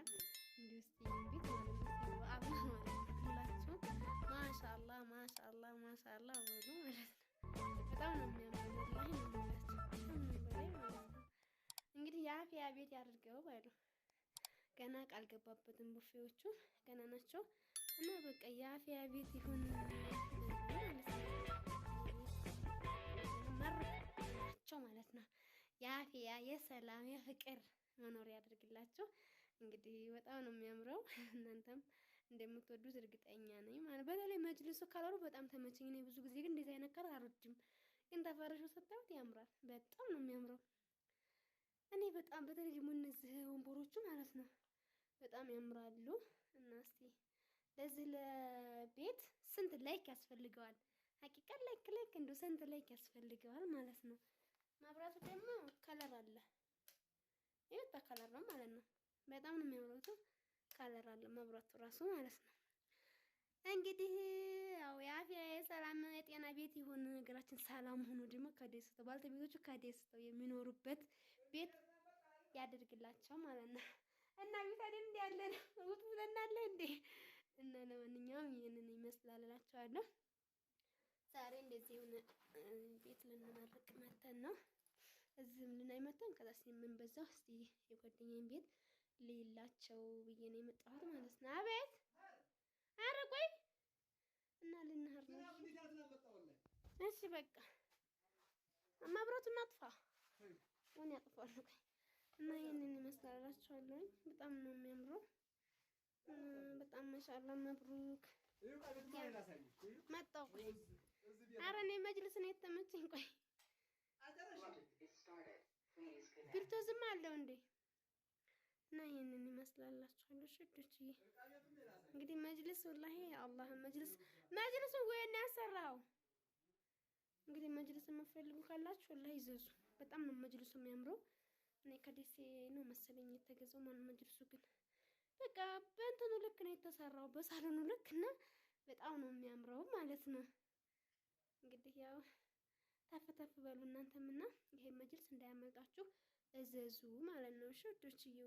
እንዲህ ውስጥ ቤት ማለት ነው በአላ ማለት ሁላችሁ ማሻአላ ማሻአላ ማሻአላ በሉ ማለት ነው። በጣም ነው የሚያምረው ላይ ነው እንግዲህ የአፊያ ቤት ያድርገው ባይሉ ገና ቃል ገባበትን ቡፌዎቹ ገና ናቸው እና በቃ የአፊያ ቤት ይሁን ማለት ነው ማለት ነው። የአፊያ የሰላም የፍቅር መኖር ያደርግላቸው። እንግዲህ በጣም ነው የሚያምረው። እናንተም እንደምትወዱት እርግጠኛ ነኝ ማለት በተለይ መጅልሱ ካላሩ በጣም ተመቸኝ። እኔ ብዙ ጊዜ ግን እንደዚህ አይነት ካላር አልወድም፣ ግን ተፈረሹ ስታዩት ያምራል። በጣም ነው የሚያምረው። እኔ በጣም በተለይ ደግሞ እነዚህ ወንበሮቹ ማለት ነው በጣም ያምራሉ። እና እስቲ ለዚህ ለቤት ስንት ላይክ ያስፈልገዋል? ሀቂቃ ላይክ ላይክ እንደ ስንት ላይክ ያስፈልገዋል ማለት ነው። መብራቱ ደግሞ ከለር አለ ይህ ከለር ነው ማለት ነው። በጣም ነው የሚያምሩት። ካለር አለ መብራቱ ራሱ ማለት ነው። እንግዲህ ያው የአፊያ የሰላም የጤና ቤት ይሁን ሀገራችን ሰላም ሆኖ ደግሞ ከደስተው ባለቤቶቹ ከደስተው የሚኖሩበት ቤት ያደርግላቸው ማለት ነው። እና ቤት አይደል ያለ ነው ውጥ ብለናል እንዴ። እና ለማንኛውም ይሄንን ይመስላል እላቸዋለሁ። ዛሬ እንደዚህ የሆነ ቤት ልንመርቅ መተን ነው። እዚህም ልናይ መተን ከዛ ሲምን በዛው እስቲ የጓደኛዬን ቤት ሌላቸው ብዬ ነው የመጣሁት ማለት ነው። አቤት አረ ቆይ እና ልንሄድ ነው። እሺ በቃ መብራቱን አጥፋ ምን ያጥፋሉ? ቆይ እና ይህንን ይመስላላችኋለኝ። በጣም ነው የሚያምረው። በጣም ማሻአላ መብሩክ መጣሁ። አረ እኔ መጅልስ ነው የተመቸኝ። ቆይ ቢልቶ ዝም አለው እንዴ? እና ይህንን ይመስላላችኋል ሽዶችዬ። እንግዲህ መጅልስ ወላሂ አላህ መጅልስ መጅልስ ወይ እና ያሰራው እንግዲህ መጅልስ የምትፈልጉ ካላችሁ ወላሂ ይዘዙ። በጣም ነው መጅልሱ የሚያምረው። እኔ ከደሴ ነው መሰለኝ የተገዛው። ማን መጅልሱ ግን በቃ በእንትኑ ልክ ነው የተሰራው፣ በሳሎኑ ልክ እና በጣም ነው የሚያምረው ማለት ነው። እንግዲህ ያው ተፍ ተፍ በሉ እናንተምና ይሄ መጅልስ እንዳያመልጣችሁ እዘዙ ማለት ነው። እሺ ውዶችዬዋ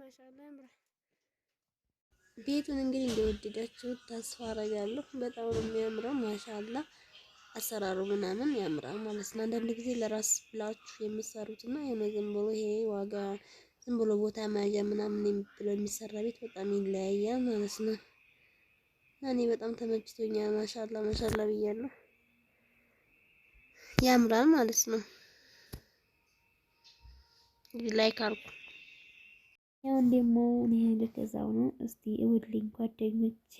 ማሻአላ ቤቱን እንግዲህ እንደወደዳችሁ ተስፋ አረጋለሁ። በጣም ነው የሚያምረው። ማሻአላ አሰራሩ ምናምን ያምራል ማለት ነው። አንዳንድ ጊዜ ለራስ ብላችሁ የምትሰሩትና የሆነ ዝም ብሎ ይሄ ዋጋ ዝም ብሎ ቦታ መያዣ ምናምን ብሎ የሚሰራ ቤት በጣም ይለያያል ማለት ነው። እና እኔ በጣም ተመችቶኛል። ማሻአላ ማሻአላ ብያለሁ። ያምራል ማለት ነው። ላይክ አድርጉ። ያሁን ደግሞ እኔ ልገዛው ነው። እስቲ እውልኝ ጓደኞቼ፣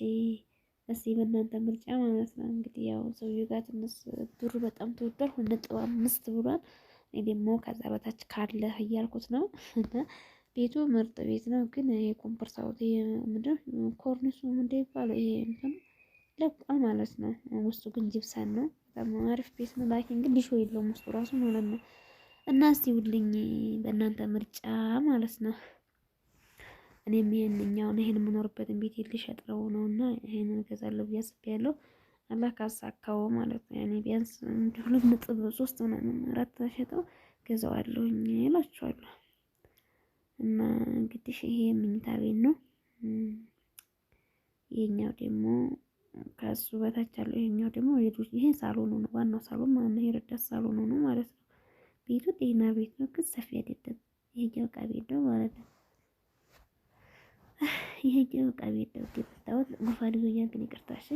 እስቲ በእናንተ ምርጫ ማለት ነው። እንግዲህ ያው ሰውዬ ጋር ትንሽ ብሩ በጣም ተወዷል፣ ሁለት ነጥብ አምስት ብሏል። እኔ ደግሞ ከዛ በታች ካለ እያልኩት ነው። ቤቱ ምርጥ ቤት ነው፣ ግን ይሄ ኮምፐርሳው ምንድን ኮርኒሱ ምንድን ይባለው ይሄ እንትን ለቋል ማለት ነው። ውስጡ ግን ጅብሰን ነው። በጣም አሪፍ ቤት ነው። ላኪን ግን ሊሾ የለውም ውስጡ ራሱ ማለት ነው። እና እስቲ ውድልኝ በእናንተ ምርጫ ማለት ነው። እኔም ይህንኛውን ይህን የምኖርበትን ቤት ልሸጥረው ነው እና ይህን እገዛለሁ ብዬ አስቤያለሁ። አላህ ካሳካው ማለት ነው። ያኔ ቢያንስ ሁለት ነጥብ ሶስት ምናምን አራት ተሸጠው ገዛዋለሁኝ እላችኋለሁ። እና እንግዲህ ይሄ መኝታ ቤት ነው። ይሄኛው ደግሞ ከሱ በታች አለው። ይሄኛው ደግሞ የዱስ ይሄ ሳሎኑ ነው፣ ዋናው ሳሎን ማለት ነው። የረዳት ሳሎኑ ነው ማለት ነው። ቤቱ ጤና ቤት ነው፣ ግን ሰፊ አይደለም። ይሄኛው ዕቃ ቤት ነው ማለት ነው። ይሄ በቃ ቤት ነው የምታወት። ጉንፋን ይዞኛል ግን ይቅርታሽ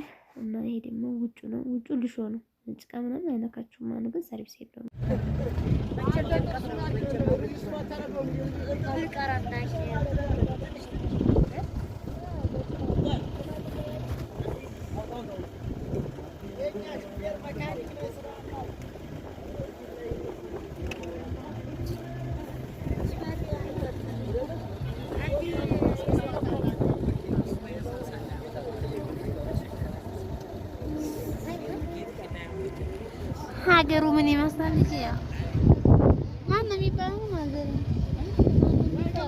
እና ይሄ ደግሞ ውጩ ነው። ውጩ ልሾ ነው። ጭቃ ምናምን አይነካችሁም ማለት ግን ሰርቪስ የለውም። ቀራናሽ ሀገሩ ምን ይመስላል? ልጅ ያ ማን ነው የሚባለው? ሀገሩ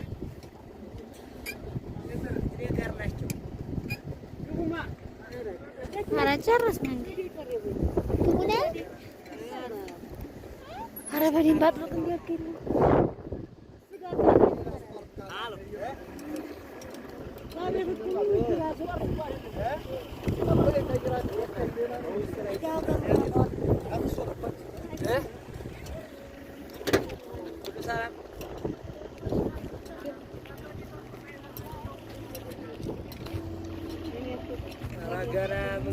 Charles kan? Kemudian? Harapan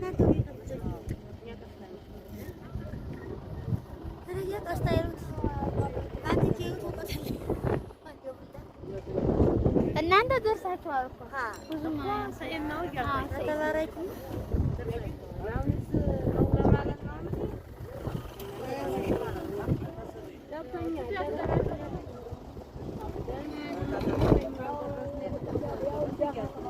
ja dat is teilend ja dat is teilend wat is hier wat wat is hier wat wat wat is hier wat is hier wat is hier wat is hier wat is hier wat is hier wat is is hier wat